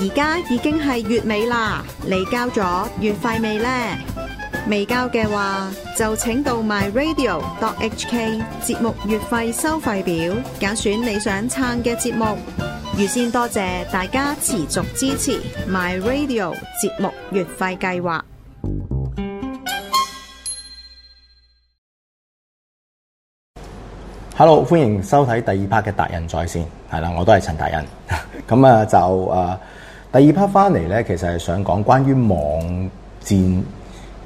而家已經係月尾啦，你交咗月費未呢？未交嘅話，就請到 My Radio.hk 節目月費收費表，揀選你想撐嘅節目。預先多謝大家持續支持 My Radio 節目月費計劃。Hello，歡迎收睇第二 part 嘅達仁在線，係啦，我都係陳達仁，咁 啊就誒。呃第二 part 翻嚟咧，其實係想講關於網戰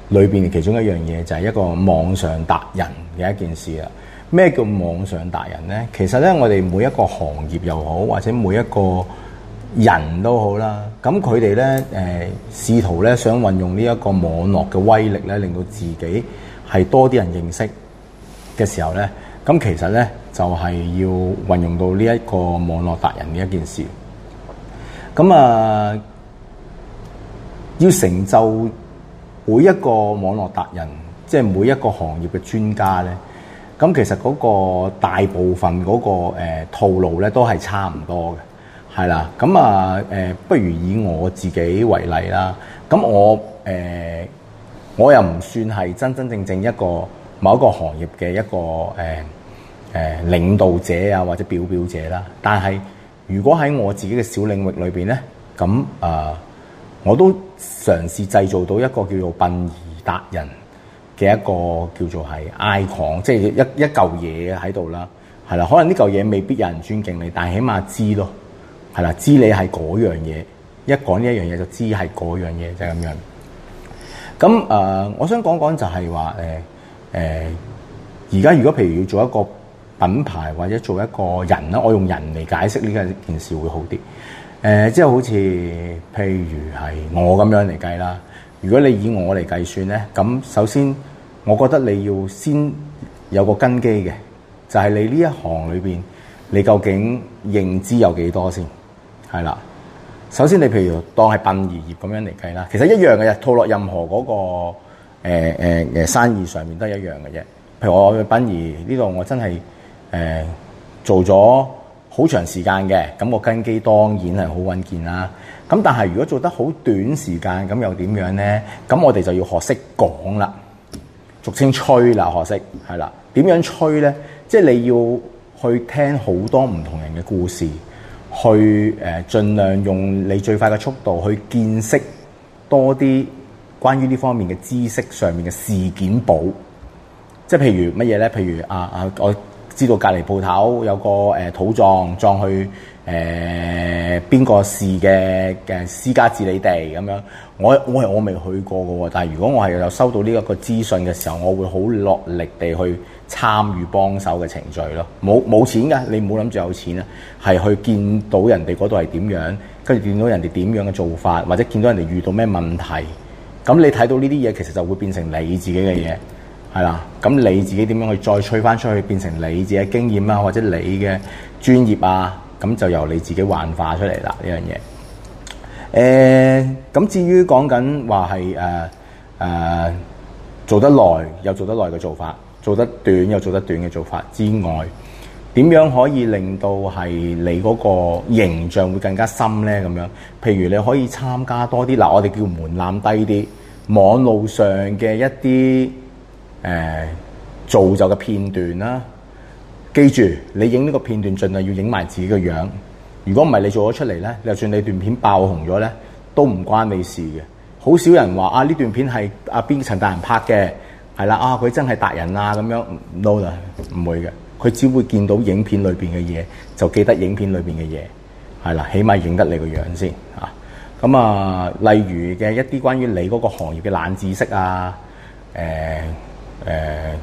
裏面其中一樣嘢，就係一個網上達人嘅一件事。咩叫網上達人呢？其實咧，我哋每一個行業又好，或者每一個人都好啦。咁佢哋咧，誒試圖咧想運用呢一個網絡嘅威力咧，令到自己係多啲人認識嘅時候咧，咁其實咧就係要運用到呢一個網絡達人嘅一件事。咁啊，要成就每一個網絡達人，即係每一個行業嘅專家咧。咁其實嗰個大部分嗰、嗰個、呃、套路咧，都係差唔多嘅，係啦。咁、呃、啊不如以我自己為例啦。咁我、呃、我又唔算係真真正正一個某一個行業嘅一個誒誒、呃呃、領導者啊，或者表表者啦，但係。如果喺我自己嘅小領域裏面咧，咁啊、呃，我都嘗試製造到一個叫做殯儀達人嘅一個叫做係 icon，即係一一嚿嘢喺度啦，係啦。可能呢嚿嘢未必有人尊敬你，但係起碼知咯，係啦，知你係嗰樣嘢。一講呢一樣嘢就知係嗰樣嘢，就係、是、咁樣。咁啊、呃，我想講講就係話誒而家如果譬如要做一個。品牌或者做一個人啦，我用人嚟解釋呢件件事會好啲。誒、呃，即係好似譬如係我咁樣嚟計啦。如果你以我嚟計算咧，咁首先我覺得你要先有個根基嘅，就係、是、你呢一行裏面，你究竟認知有幾多先係啦。首先你譬如當係殯儀業咁樣嚟計啦，其實一樣嘅嘢套落任何嗰、那個、呃呃、生意上面都係一樣嘅啫。譬如我嘅殯儀呢度，我真係～誒，做咗好長時間嘅，咁我根基當然係好穩健啦。咁但係如果做得好短時間，咁又點樣呢？咁我哋就要學識講啦，俗稱吹啦，學識係啦。點樣吹呢？即係你要去聽好多唔同人嘅故事，去誒盡量用你最快嘅速度去見識多啲關於呢方面嘅知識上面嘅事件簿。即係譬如乜嘢呢？譬如啊啊我。知道隔離鋪頭有個土葬，葬去誒邊個市嘅嘅私家治理地咁樣，我我係我未去過㗎喎，但係如果我係有收到呢一個資訊嘅時候，我會好落力地去參與幫手嘅程序咯。冇冇錢㗎，你唔好諗住有錢啊，係去見到人哋嗰度係點樣，跟住見到人哋點樣嘅做法，或者見到人哋遇到咩問題，咁你睇到呢啲嘢，其實就會變成你自己嘅嘢。嗯係啦，咁你自己點樣去再吹返出去，變成你自己嘅經驗啊，或者你嘅專業啊，咁就由你自己幻化出嚟啦呢樣嘢。誒，咁、呃、至於講緊話係做得耐有做得耐嘅做法，做得短有做得短嘅做法之外，點樣可以令到係你嗰個形象會更加深呢？咁樣，譬如你可以參加多啲，嗱，我哋叫門檻低啲，網路上嘅一啲。誒、呃、做就嘅片段啦、啊，記住你影呢個片段盡量要影埋自己嘅樣。如果唔係你做咗出嚟咧，你就算你段片爆紅咗咧，都唔關你事嘅。好少人話啊，呢段片係阿邊陳達仁拍嘅，係啦啊，佢真係達人啊咁樣，no 啦、no，唔會嘅。佢只會見到影片裏邊嘅嘢，就記得影片裏邊嘅嘢，係啦，起碼影得你個樣先嚇。咁啊，啊，例如嘅一啲關於你嗰個行業嘅冷知識啊，誒、呃。誒、呃、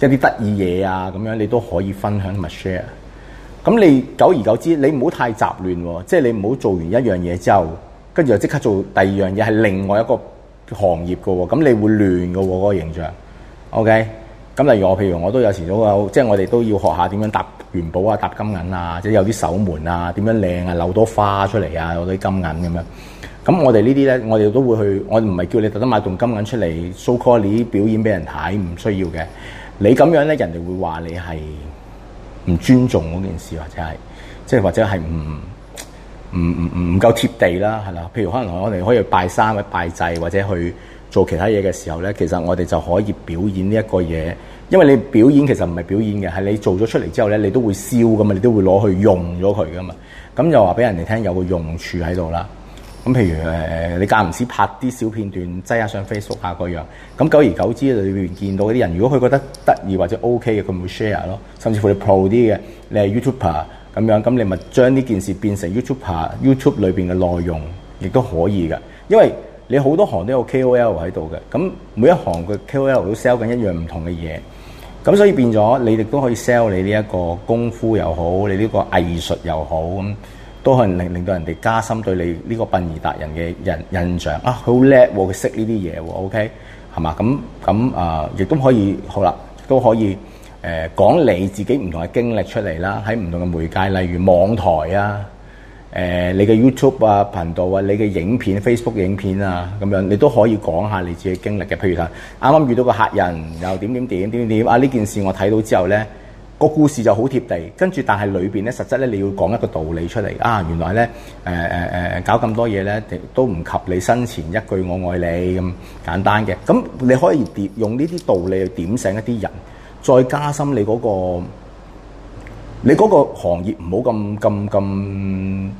一啲得意嘢啊，咁樣你都可以分享同埋 share。咁你久而久之，你唔好太雜亂，即係你唔好做完一樣嘢之後，跟住就即刻做第二樣嘢，係另外一個行業嘅喎，咁你會亂嘅喎嗰個形象。OK，咁例如我，譬如我都有時都有，即係我哋都要學下點樣搭元寶啊、搭金銀啊，即係有啲守門啊，點樣靚啊，扭多花出嚟啊，有啲金銀咁樣。咁我哋呢啲咧，我哋都會去，我唔係叫你特登買棟金銀出嚟 show quality 表演俾人睇，唔需要嘅。你咁樣咧，人哋會話你係唔尊重嗰件事，或者係即係或者係唔唔唔唔夠貼地啦，係啦。譬如可能我哋可以拜山、拜祭，或者去做其他嘢嘅時候咧，其實我哋就可以表演呢一個嘢，因為你表演其實唔係表演嘅，係你做咗出嚟之後咧，你都會燒噶嘛，你都會攞去用咗佢噶嘛。咁又話俾人哋聽有個用處喺度啦。咁譬如誒，你間唔時拍啲小片段，擠下上 Facebook 啊，嗰樣。咁久而久之，裏邊見到嗰啲人，如果佢覺得得意或者 OK 嘅，佢會 share 咯。甚至乎你 pro 啲嘅，你係 YouTuber 咁樣，咁你咪將呢件事變成 YouTuber YouTube 裏面嘅內容，亦都可以嘅。因為你好多行都有 KOL 喺度嘅，咁每一行嘅 KOL 都 sell 緊一樣唔同嘅嘢。咁所以變咗，你哋都可以 sell 你呢一個功夫又好，你呢個藝術又好咁。都可能令令到人哋加深對你呢個殯儀達人嘅印象啊！佢好叻，佢識呢啲嘢，OK 係嘛？咁咁啊，亦都可以好啦，都可以誒、呃、講你自己唔同嘅經歷出嚟啦。喺唔同嘅媒介，例如網台啊、呃、你嘅 YouTube 啊頻道啊、你嘅影片、Facebook 影片啊咁樣，你都可以講下你自己經歷嘅。譬如話啱啱遇到個客人，又點點點點點啊！呢件事我睇到之後咧。個故事就好貼地，跟住但係裏面咧，實質咧，你要講一個道理出嚟啊！原來咧，誒誒誒，搞咁多嘢咧，都唔及你生前一句我愛你咁簡單嘅。咁你可以用呢啲道理去點醒一啲人，再加深你嗰個你嗰個行業唔好咁咁咁。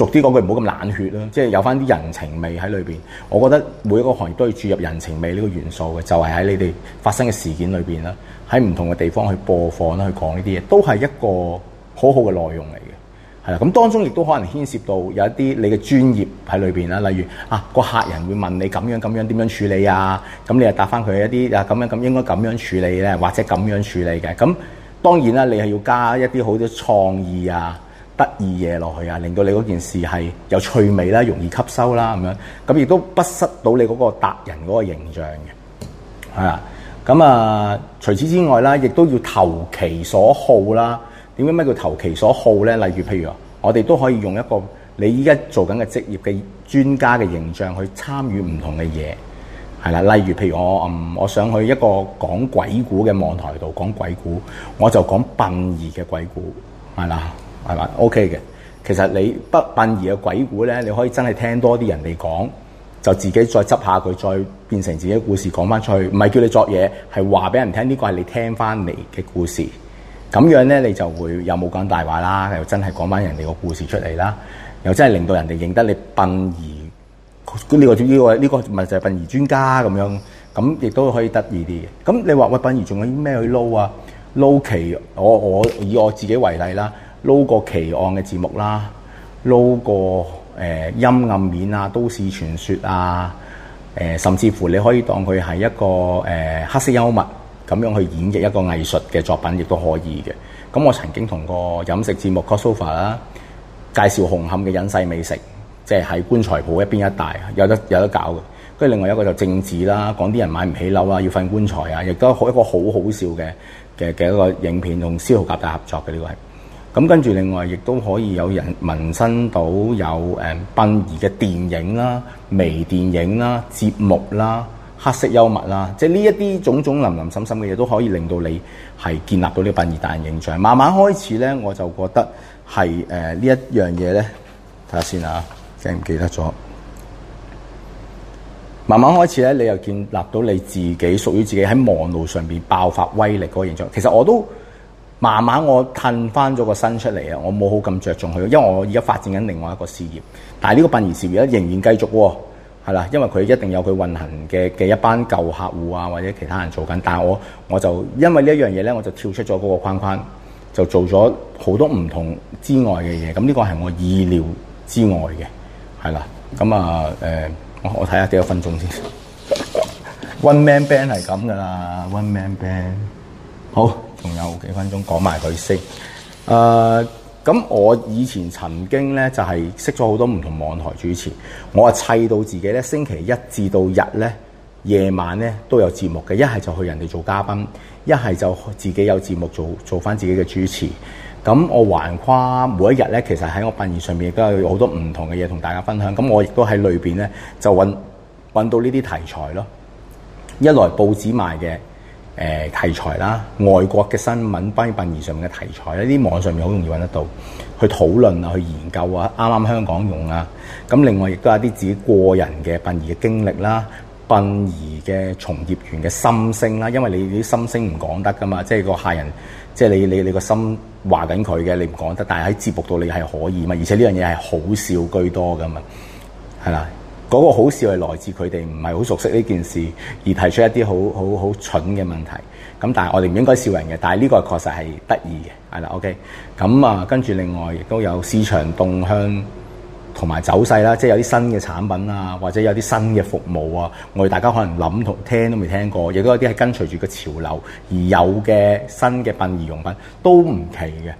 俗啲講句，唔好咁冷血啦，即係有翻啲人情味喺裏邊。我覺得每一個行業都要注入人情味呢個元素嘅，就係喺你哋發生嘅事件裏邊啦，喺唔同嘅地方去播放啦，去講呢啲嘢，都係一個好好嘅內容嚟嘅，係啦。咁當中亦都可能牽涉到有一啲你嘅專業喺裏邊啦，例如啊個客人會問你咁樣咁樣點樣處理啊，咁你又答翻佢一啲啊咁樣咁應該咁樣處理咧，或者咁樣處理嘅。咁當然啦，你係要加一啲好啲創意啊。得意嘢落去啊，令到你嗰件事係有趣味啦，容易吸收啦，咁樣咁亦都不失到你嗰個達人嗰個形象嘅，係啦。咁啊，除此之外啦，亦都要投其所好啦。點解咩叫投其所好咧？例如，譬如啊，我哋都可以用一個你依家做緊嘅職業嘅專家嘅形象去參與唔同嘅嘢，係啦。例如，譬如我嗯，我想去一個講鬼故嘅網台度講鬼故，我就講殯儀嘅鬼故，係啦。係嘛？O K 嘅。其實你不殯儀嘅鬼故咧，你可以真係聽多啲人哋講，就自己再執下佢，再變成自己嘅故事講翻出去。唔係叫你作嘢，係話俾人聽。呢個係你聽翻嚟嘅故事，咁樣咧你就會有冇講大話啦，又真係講翻人哋個故事出嚟啦，又真係令到人哋認得你殯儀。呢、呢個主要呢個咪、呢個、就係殯儀專家咁樣咁，亦都可以得意啲嘅。咁你話喂，殯儀仲有啲咩去撈啊？撈期，我我以我自己為例啦。撈個奇案嘅節目啦，撈個誒陰暗面啊，都市傳說啊，誒、呃、甚至乎你可以當佢係一個誒、呃、黑色幽默咁樣去演繹一個藝術嘅作品，亦都可以嘅。咁我曾經同個飲食節目 crossover 啦，介紹紅磡嘅隱世美食，即係喺棺材鋪一邊一帶有得有得搞嘅。跟住另外一個就政治啦，講啲人買唔起樓啊，要瞓棺材啊，亦都好一個好好笑嘅嘅嘅一個影片，同小薯茄大合作嘅呢個係。咁跟住，另外亦都可以有人聞身到有誒殯儀嘅電影啦、微電影啦、節目啦、黑色幽默啦，即係呢一啲種種林林紛紛嘅嘢，都可以令到你係建立到呢個殯儀大人形象。慢慢開始咧，我就覺得係、呃、呢一樣嘢咧，睇下先啊，記唔記得咗？慢慢開始咧，你又建立到你自己屬於自己喺網路上面爆發威力嗰個形象。其實我都～慢慢我褪翻咗個身出嚟啊！我冇好咁著重佢，因為我而家發展緊另外一個事業。但係呢個殯儀事業仍然繼續喎，係啦，因為佢一定有佢運行嘅嘅一班舊客戶啊，或者其他人做緊。但係我我就因為呢一樣嘢咧，我就跳出咗嗰個框框，就做咗好多唔同之外嘅嘢。咁呢個係我意料之外嘅，係啦。咁啊、呃、我我睇下幾多分鐘先。One man band 係咁噶啦，One man band 好。仲有幾分鐘講埋佢先。誒，咁、呃、我以前曾經呢，就係、是、識咗好多唔同網台主持，我啊砌到自己呢，星期一至到日呢，夜晚呢都有節目嘅。一係就去人哋做嘉賓，一係就自己有節目做，做返自己嘅主持。咁我橫跨每一日呢，其實喺我筆兒上邊都有好多唔同嘅嘢同大家分享。咁我亦都喺裏邊呢，就揾到呢啲題材咯。一來報紙賣嘅。誒題材啦，外國嘅新聞關於殯儀上面嘅題材咧，啲網上面好容易揾得到，去討論啊，去研究啊，啱啱香港用啊。咁另外亦都有啲自己個人嘅殯儀嘅經歷啦，殯儀嘅從業員嘅心聲啦，因為你啲心聲唔講得噶嘛，即係個客人，即係你你你個心話緊佢嘅，你唔講得，但係喺節目度，你係可以嘛，而且呢樣嘢係好笑居多噶嘛，係啦。嗰個好笑係來自佢哋唔係好熟悉呢件事而提出一啲好好好蠢嘅問題，咁但係我哋唔應該笑人嘅。但係呢個確實係得意嘅，係啦，OK。咁啊，跟住另外亦都有市場動向同埋走勢啦，即係有啲新嘅產品啊，或者有啲新嘅服務啊，我哋大家可能諗同聽都未聽過，亦都有啲係跟隨住個潮流而有嘅新嘅殯儀用品都唔奇嘅，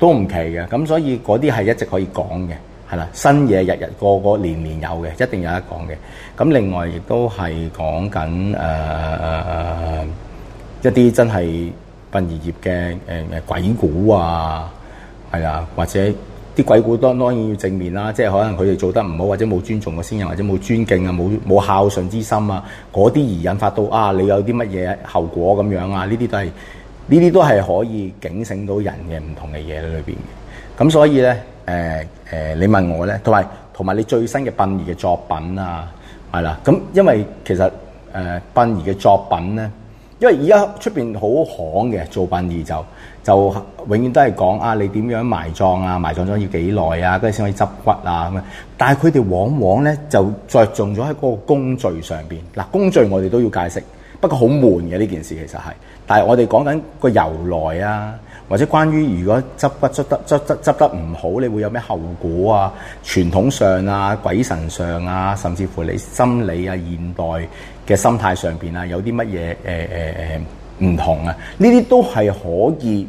都唔奇嘅。咁所以嗰啲係一直可以講嘅。係啦，新嘢日日個個年，年年有嘅，一定有得講嘅。咁另外亦都係講緊誒一啲真係殯儀業嘅、呃、鬼故啊，係啊，或者啲鬼故都當然要正面啦，即係可能佢哋做得唔好，或者冇尊重個先人，或者冇尊敬啊，冇冇孝順之心啊，嗰啲而引發到啊，你有啲乜嘢後果咁樣啊？呢啲都係呢啲都係可以警醒到人嘅唔同嘅嘢喺裏邊嘅。咁所以咧。誒、呃、誒、呃，你問我咧，同埋同埋你最新嘅殯儀嘅作品啊，係啦，咁因為其實誒、呃、殯儀嘅作品咧，因為而家出面好行嘅做殯儀就就永遠都係講啊，你點樣埋葬啊，埋葬咗要幾耐啊，跟住先可以執骨啊咁樣，但係佢哋往往咧就着重咗喺個工序上面。嗱，工序我哋都要解釋，不過好悶嘅呢件事其實係，但係我哋講緊個由來啊。或者關於如果執得執得唔好，你會有咩後果啊？傳統上啊、鬼神上啊，甚至乎你心理啊、現代嘅心態上面啊，有啲乜嘢誒誒唔同啊？呢啲都係可以、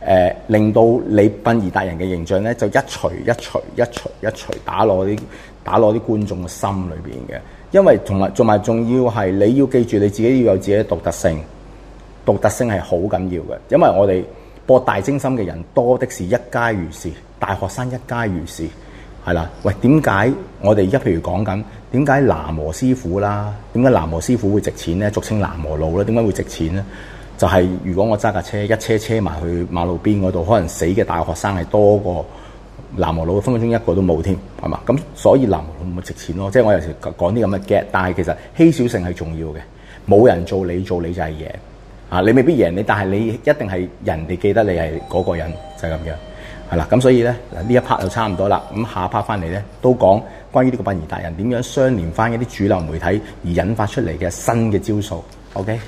呃、令到你殯儀達人嘅形象咧，就一錘一錘一錘一錘打落啲打落啲觀眾嘅心裏面嘅。因為同埋仲埋仲要係你要記住你自己要有自己嘅獨特性，獨特性係好緊要嘅，因為我哋。博大精深嘅人多的是，一街如是，大學生一街如是，係啦。喂，點解我哋一譬如講緊點解南無師傅啦？點解南無師傅會值錢咧？俗稱南無佬咧，點解會值錢咧？就係、是、如果我揸架車一車車埋去馬路邊嗰度，可能死嘅大學生係多過南無佬，分分鐘一個都冇添，係嘛？咁所以南無佬咪值錢咯。即係我有時講啲咁嘅 get，但係其實稀少性係重要嘅，冇人做你做你就係贏。啊！你未必贏你，但係你一定係人哋記得你係嗰個人，就係、是、咁樣，係啦。咁所以咧，呢一 part 就差唔多啦。咁下一 part 翻嚟咧，都講關於呢個殯儀達人點樣相連翻一啲主流媒體而引發出嚟嘅新嘅招數。OK。